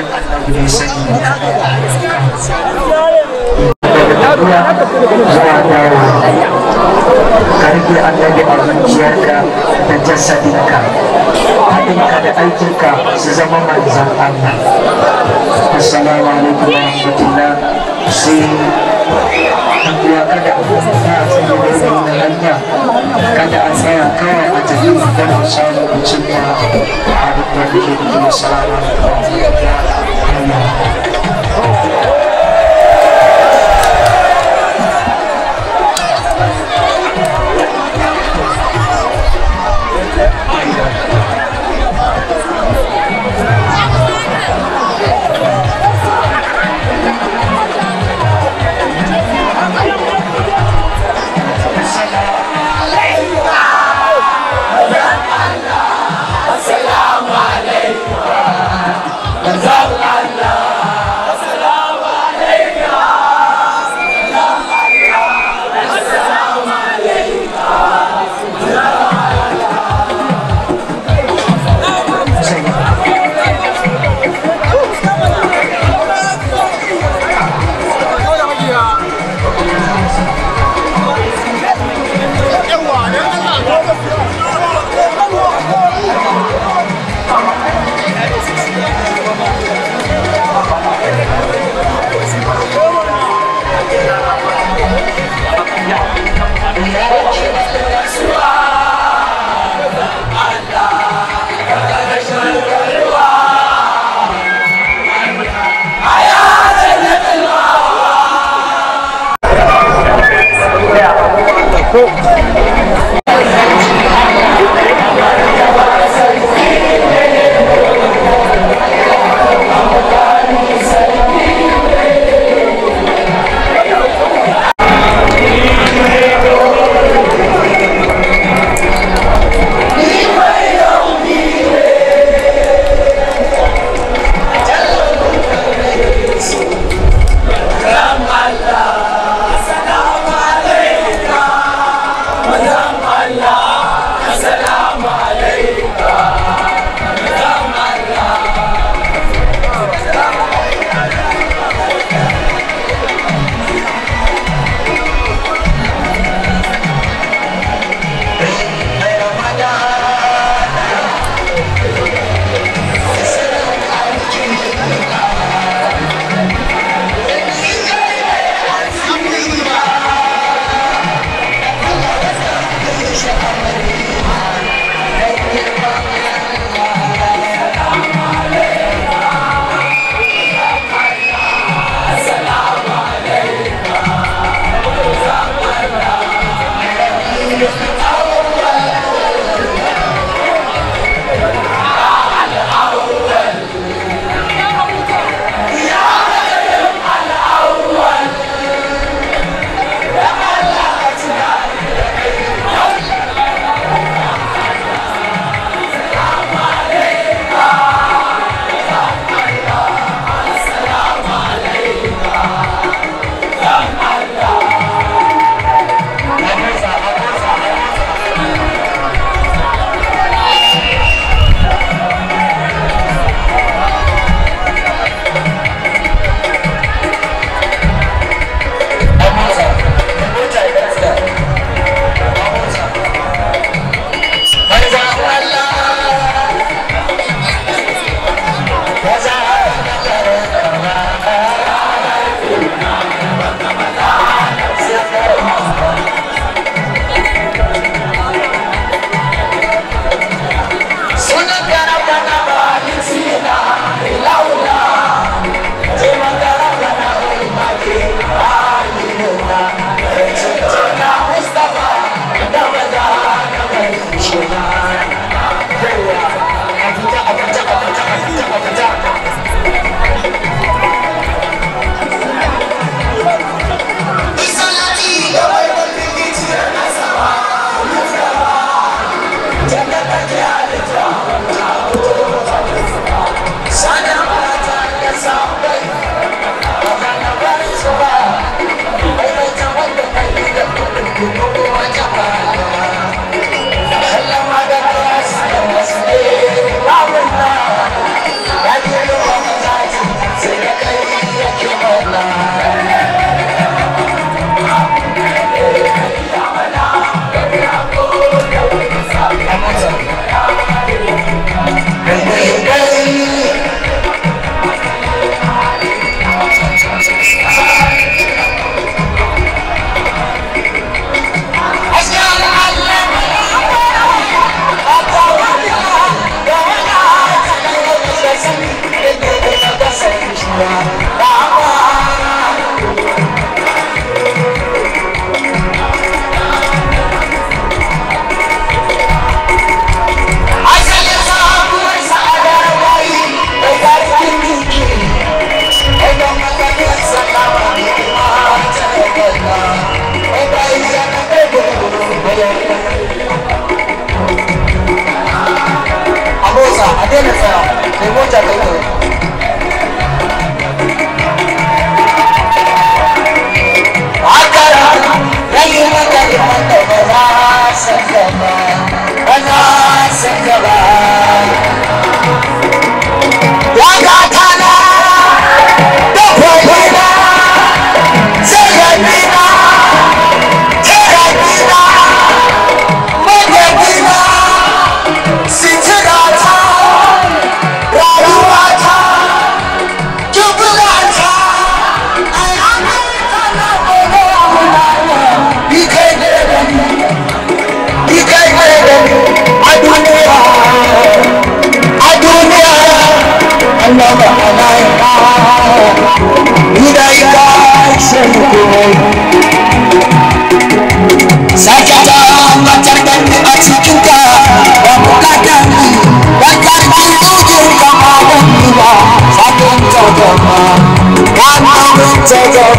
ranar Allah ya sani. karbi annabi a zuciyarka da jasadinka haɗinka da aikinka su zama manzan Allah assalamu alaikum wa rahmatullah ya kada a kusa a cikin wasan da hanya kada a tsaya kawai a tafi magana samun mutum ya a duk wani ke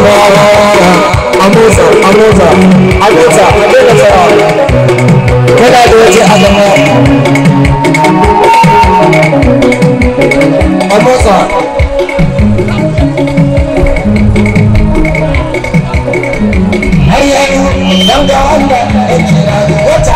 amusa amusa amusa ke da tsara kada da wace adama amusa hayyayu ta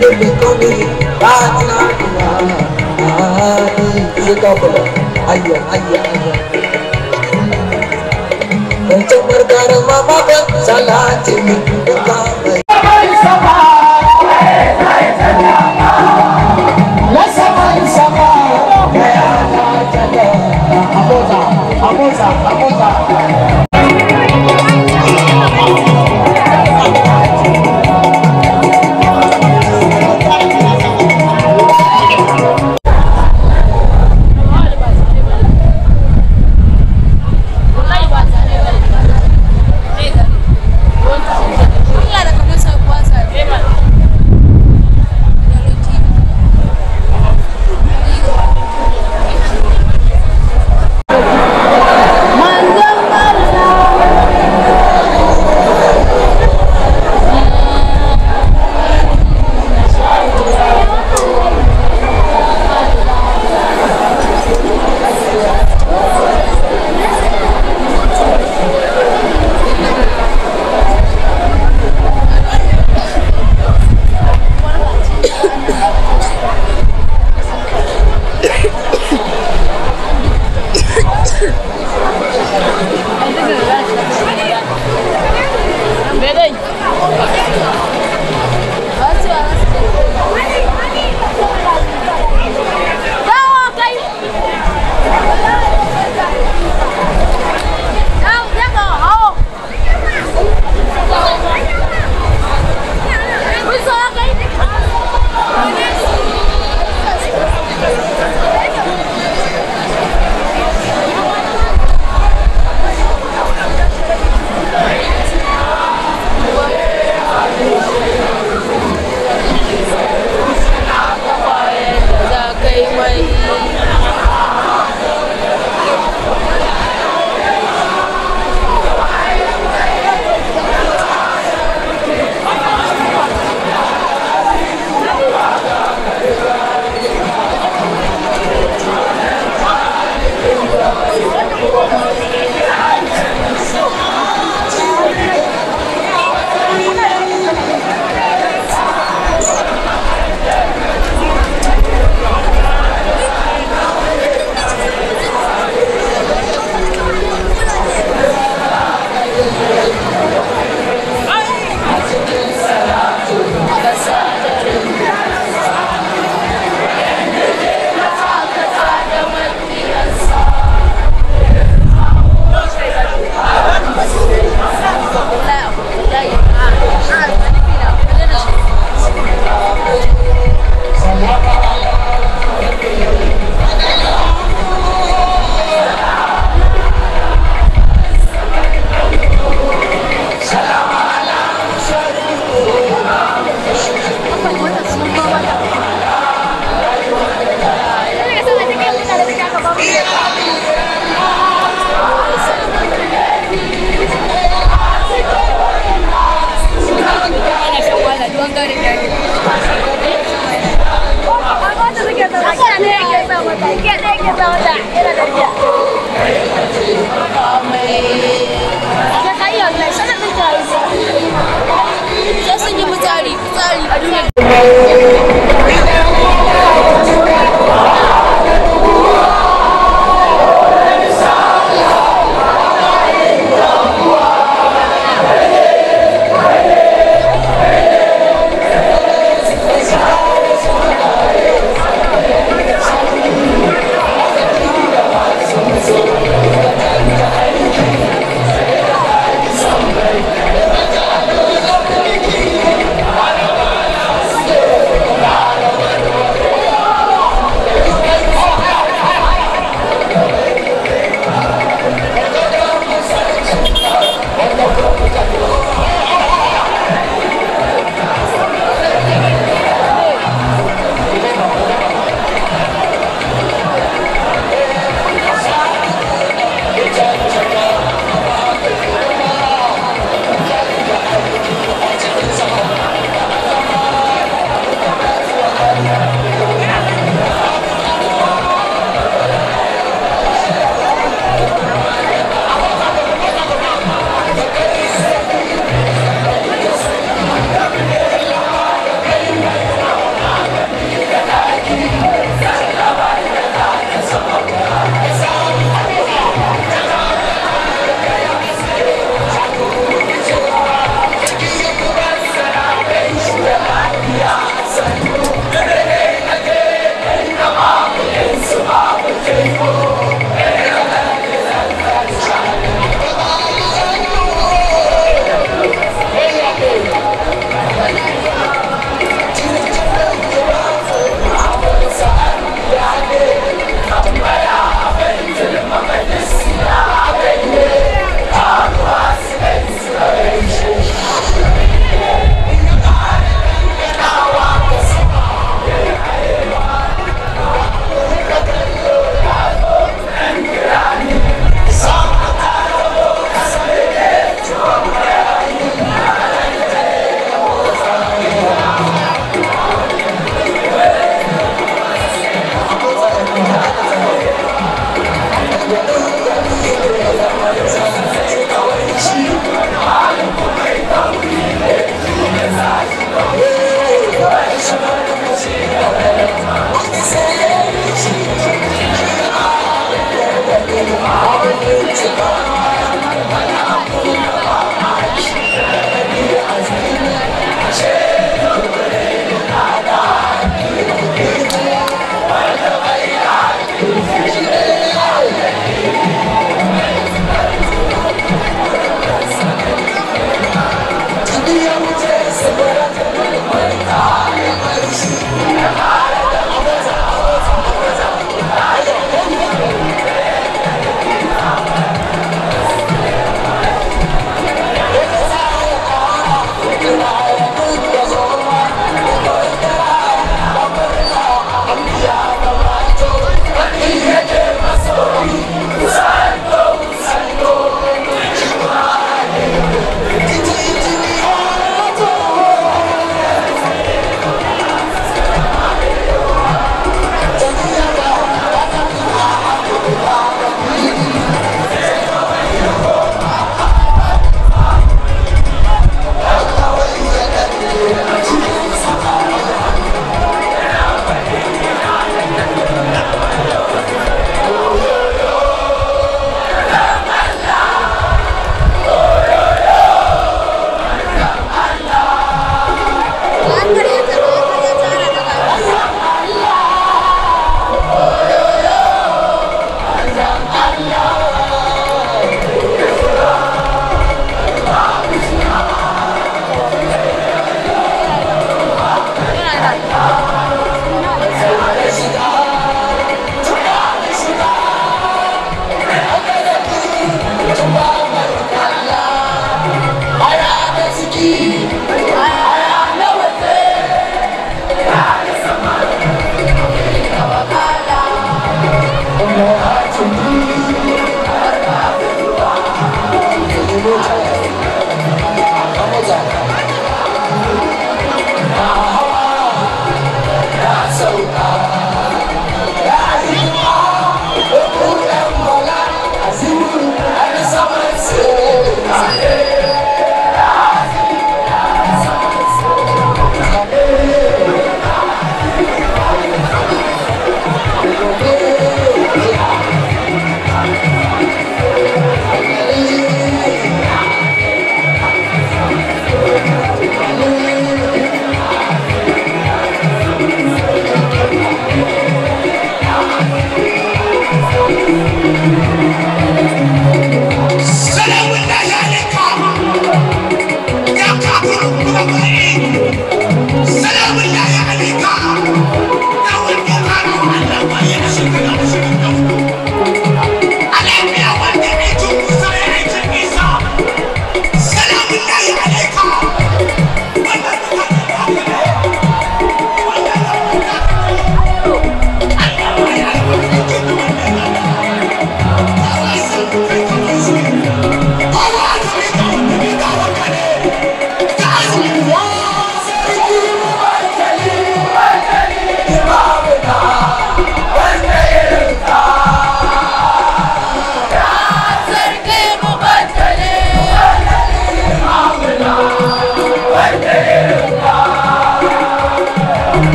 Aku tak, aku tak,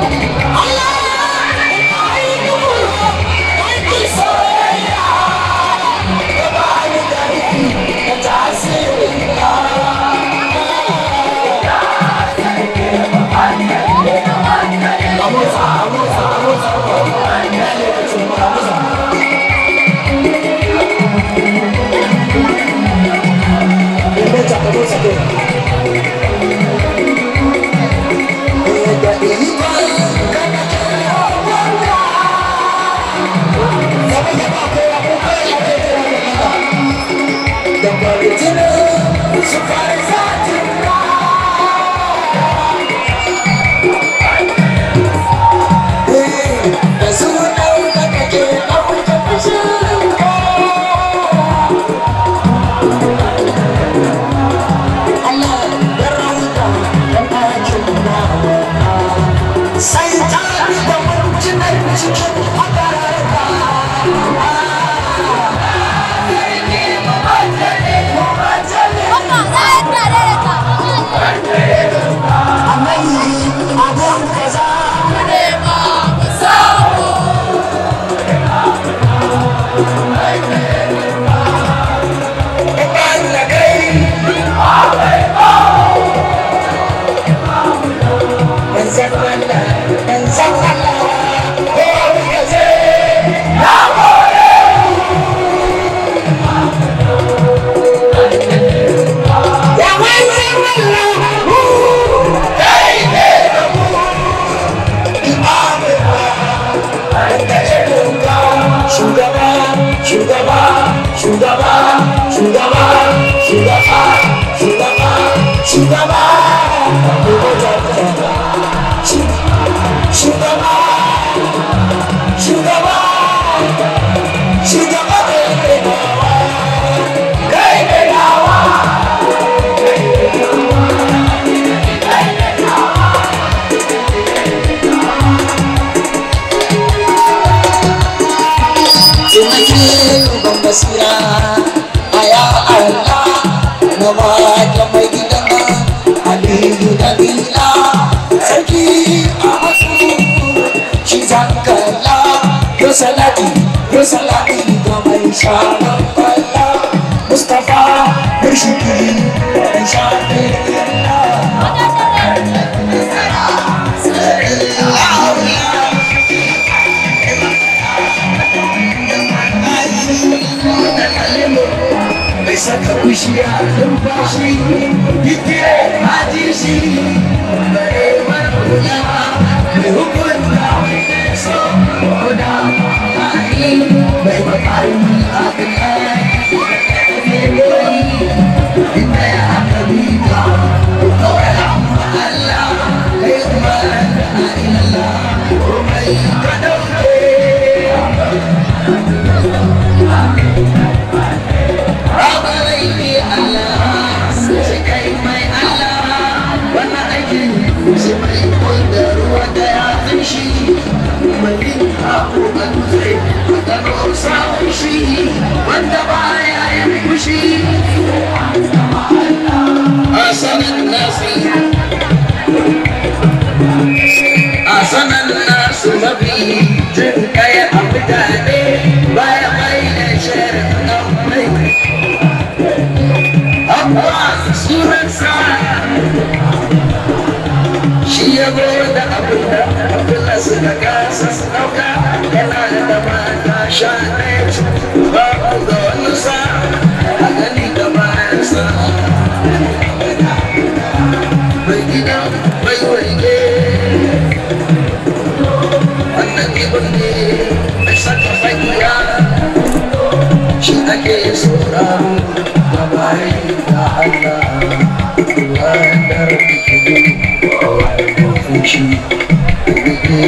Thank you. somebody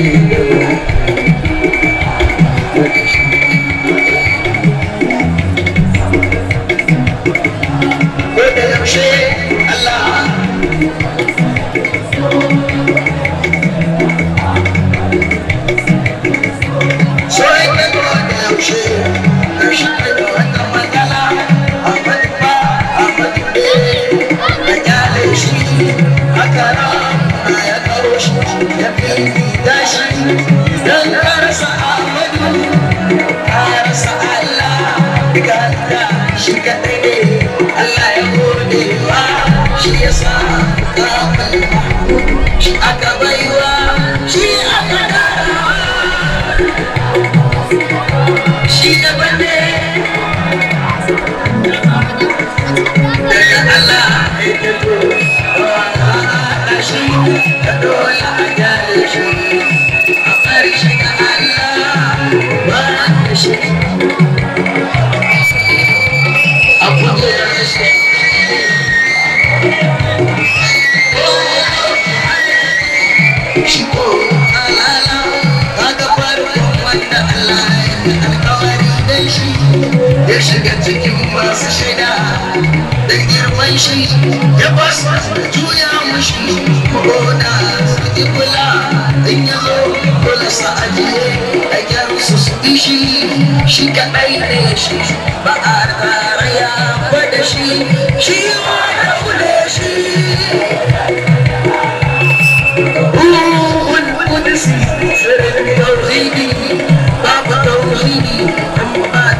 Thank you. shiga cikin masu shaida da girman shi ya su da juya mushi koda suke kula in ya zo kula sa ajiye a gyaru su su shi shi kaɗai ne shi ba a raya ba da shi shi ma da kule shi ruhun kudus sirrin tauhidi babu tauhidi amma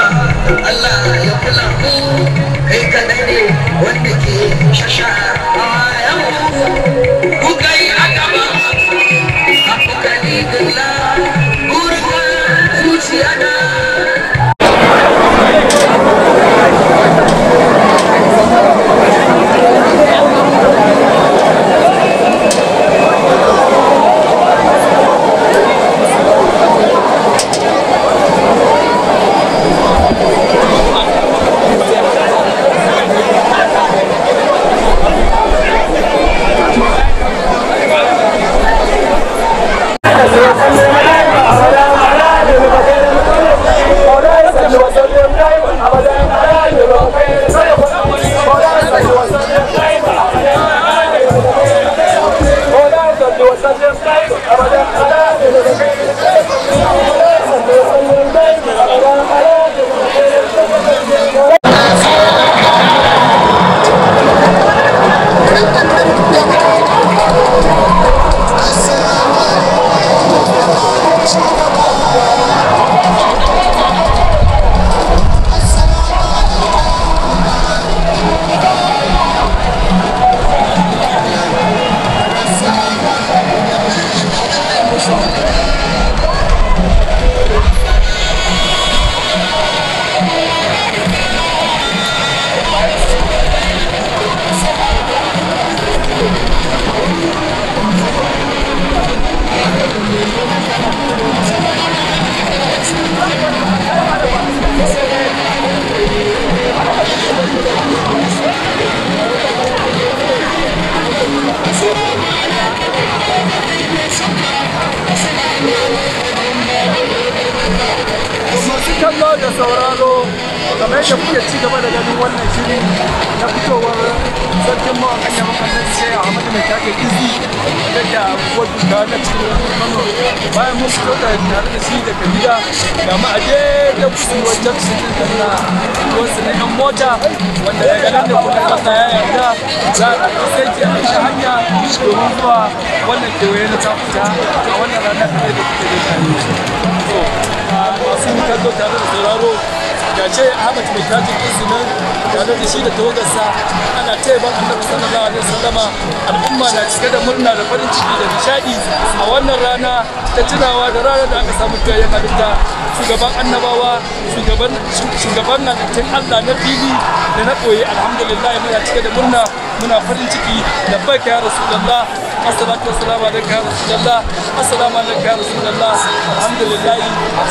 wannan zancen Allah na fili da na koyi alhamdulillah muna cike da murna muna farin ciki da baka ya rasulullah assalatu wassalamu alaikum ya rasulullah assalamu alaikum ya rasulullah alhamdulillah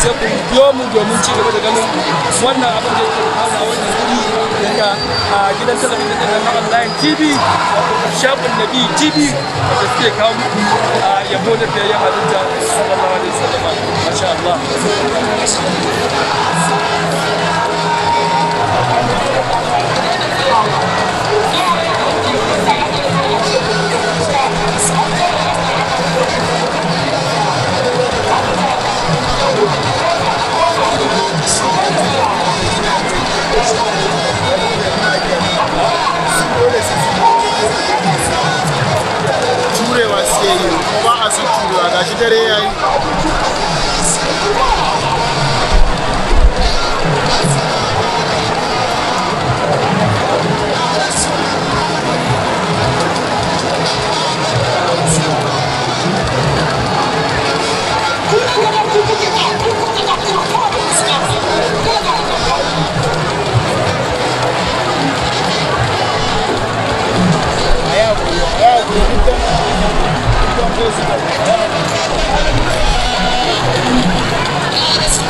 sai ku biyo mu domin ci gaba da ganin wannan abin da yake fara wannan guri daga gidan talabijin da kan online tv shafin nabi tv da suke kawo muku yabo da biyayyen halitta sallallahu alaihi wasallam masha Allah turewa suke yi kuma a su turewa gashi dare a y i どうですね。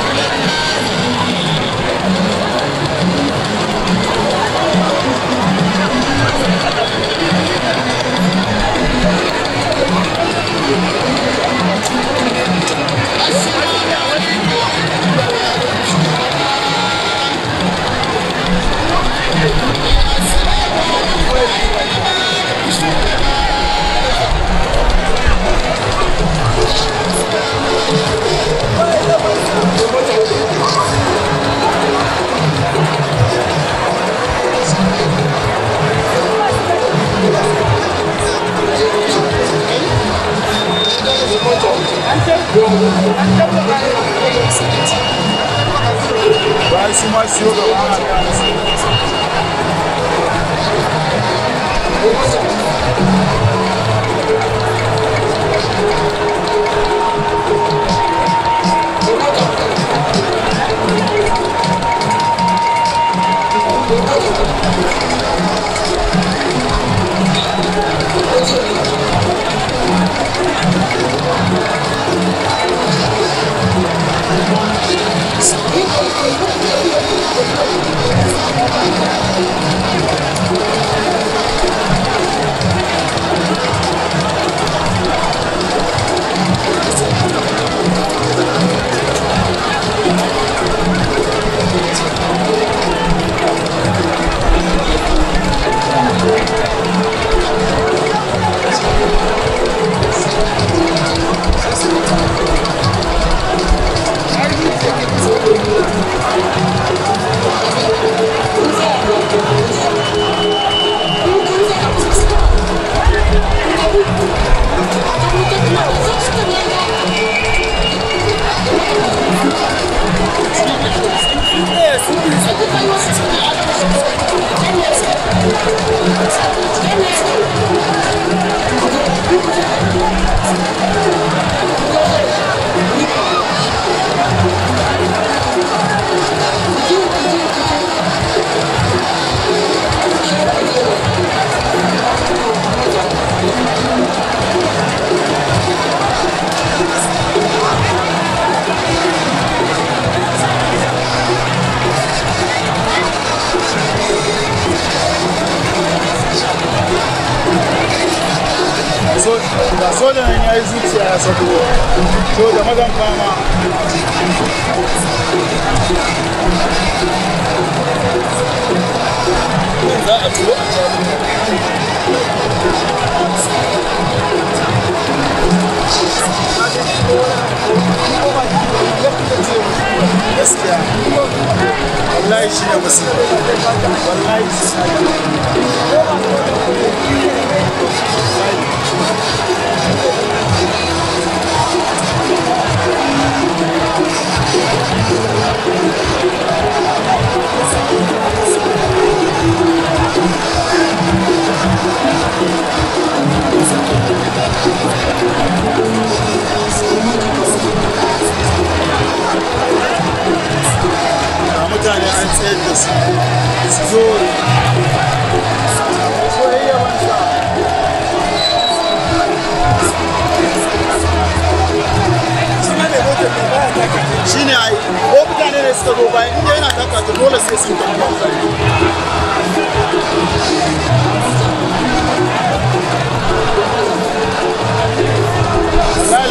shine ai ko mutane ne suka zo bayan inda yana taka ta dole sai sun da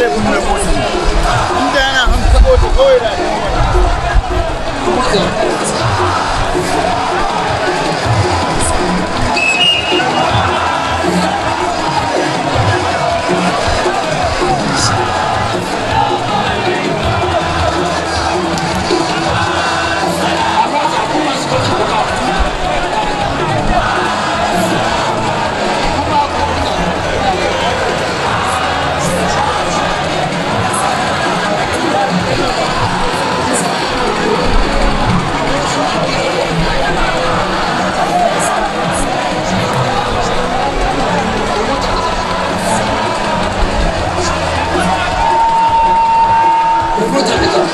kotu, yana hanka kawai da ne. por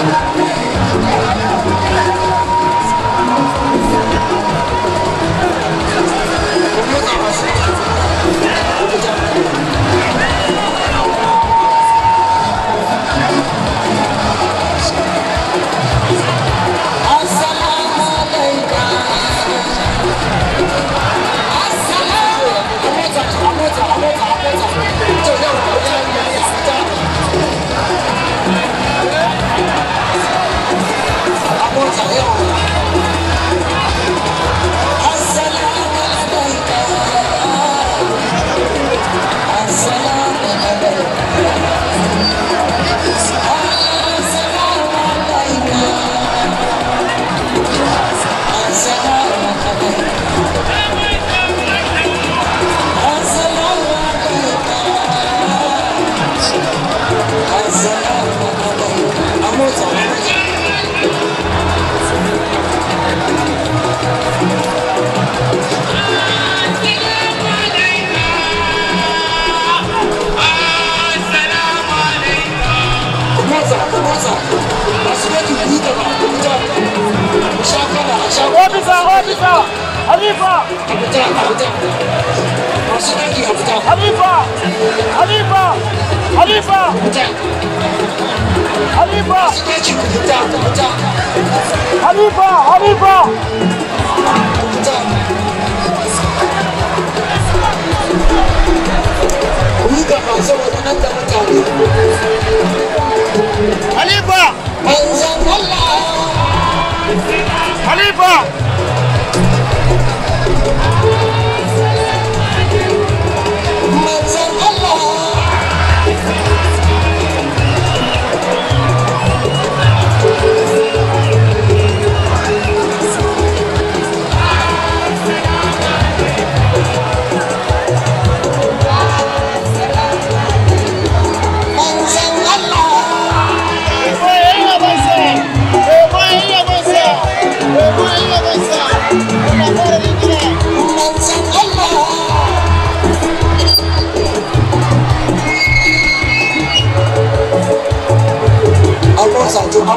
Thank you. Caliba!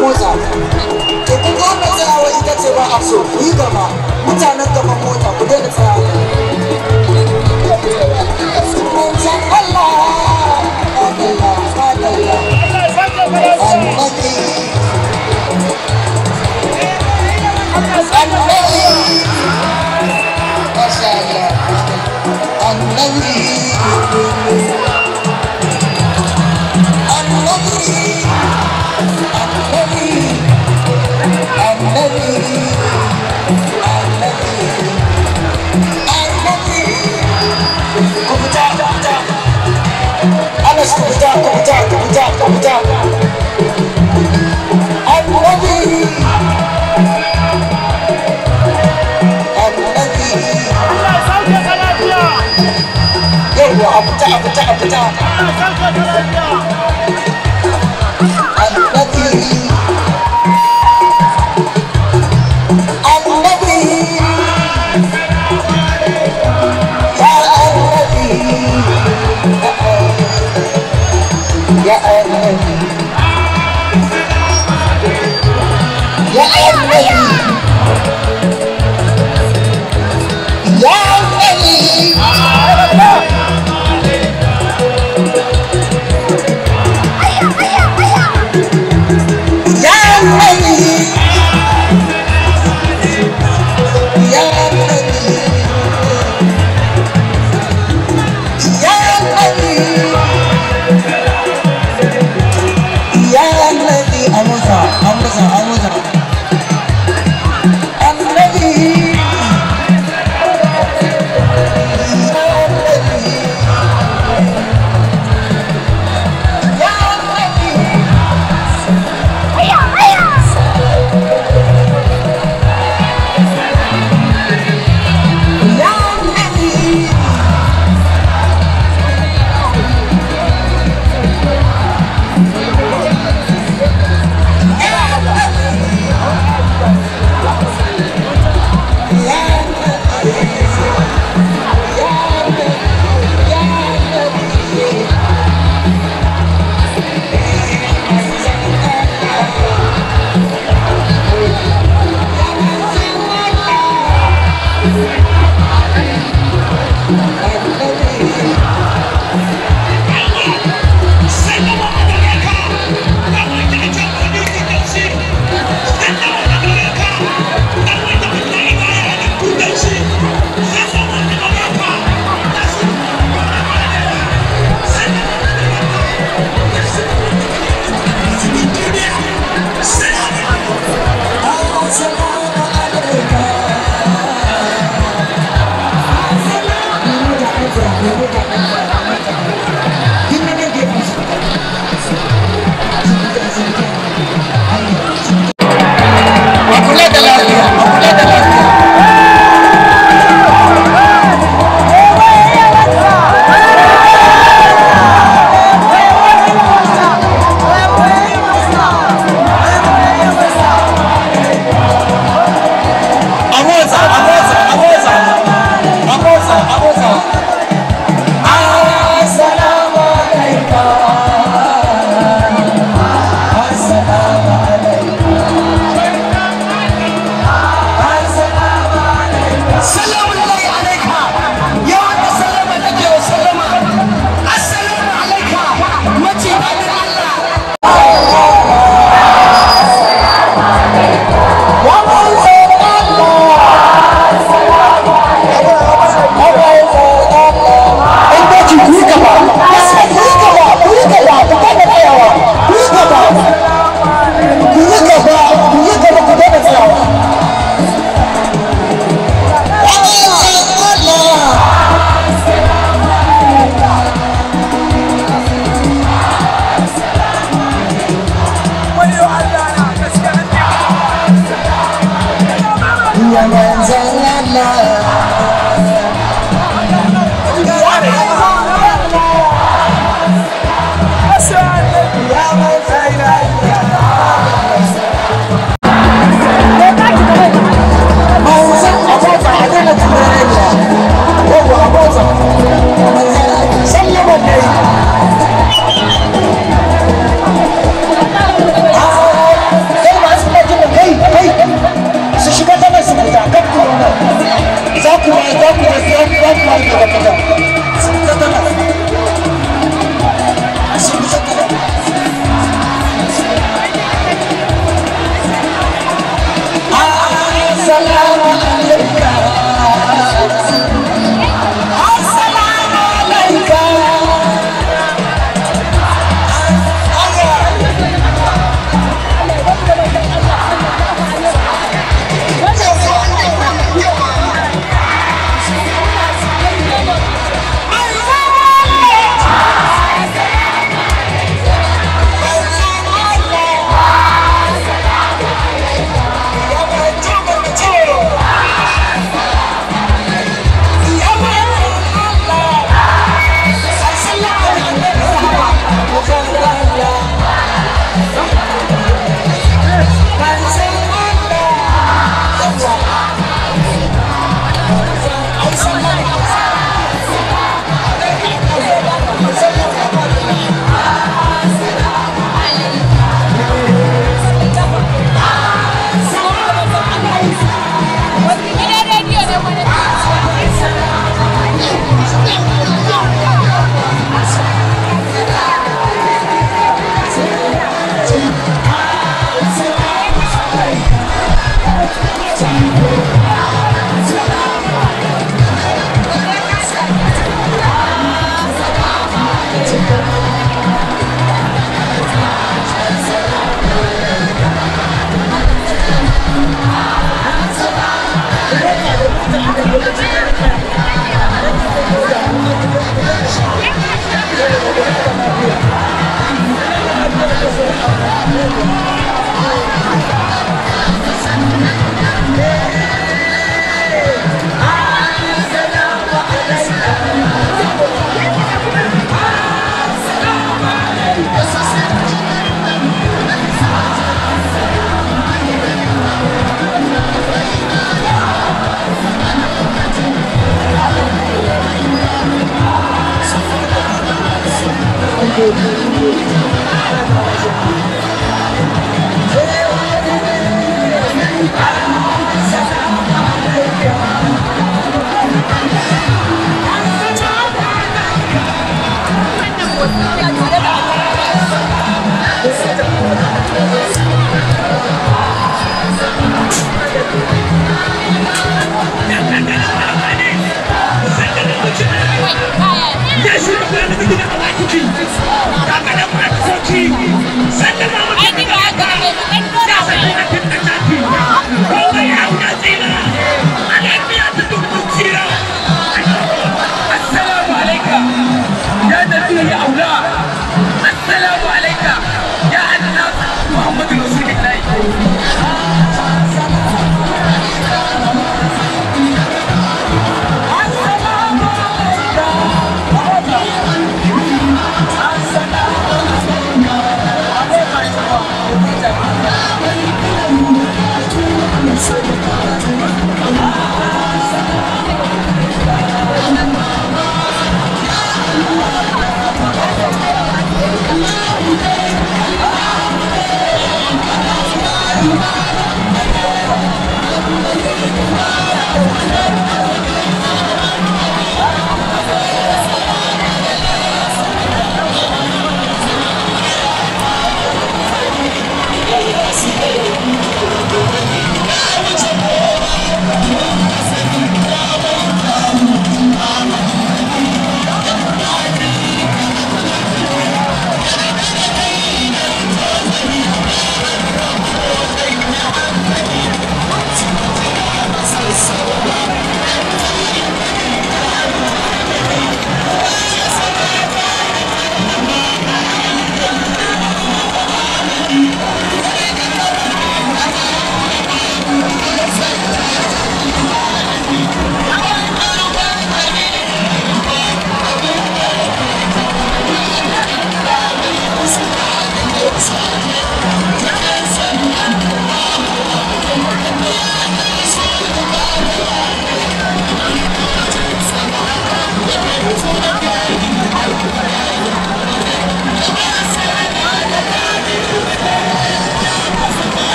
motsa to kun ga tsayawa ita ce ba a so yi gaba mutanen gaba mota ku daina tsayawa Allah, Allah, Allah, Abuja, Abuja, Abuja, Abuja.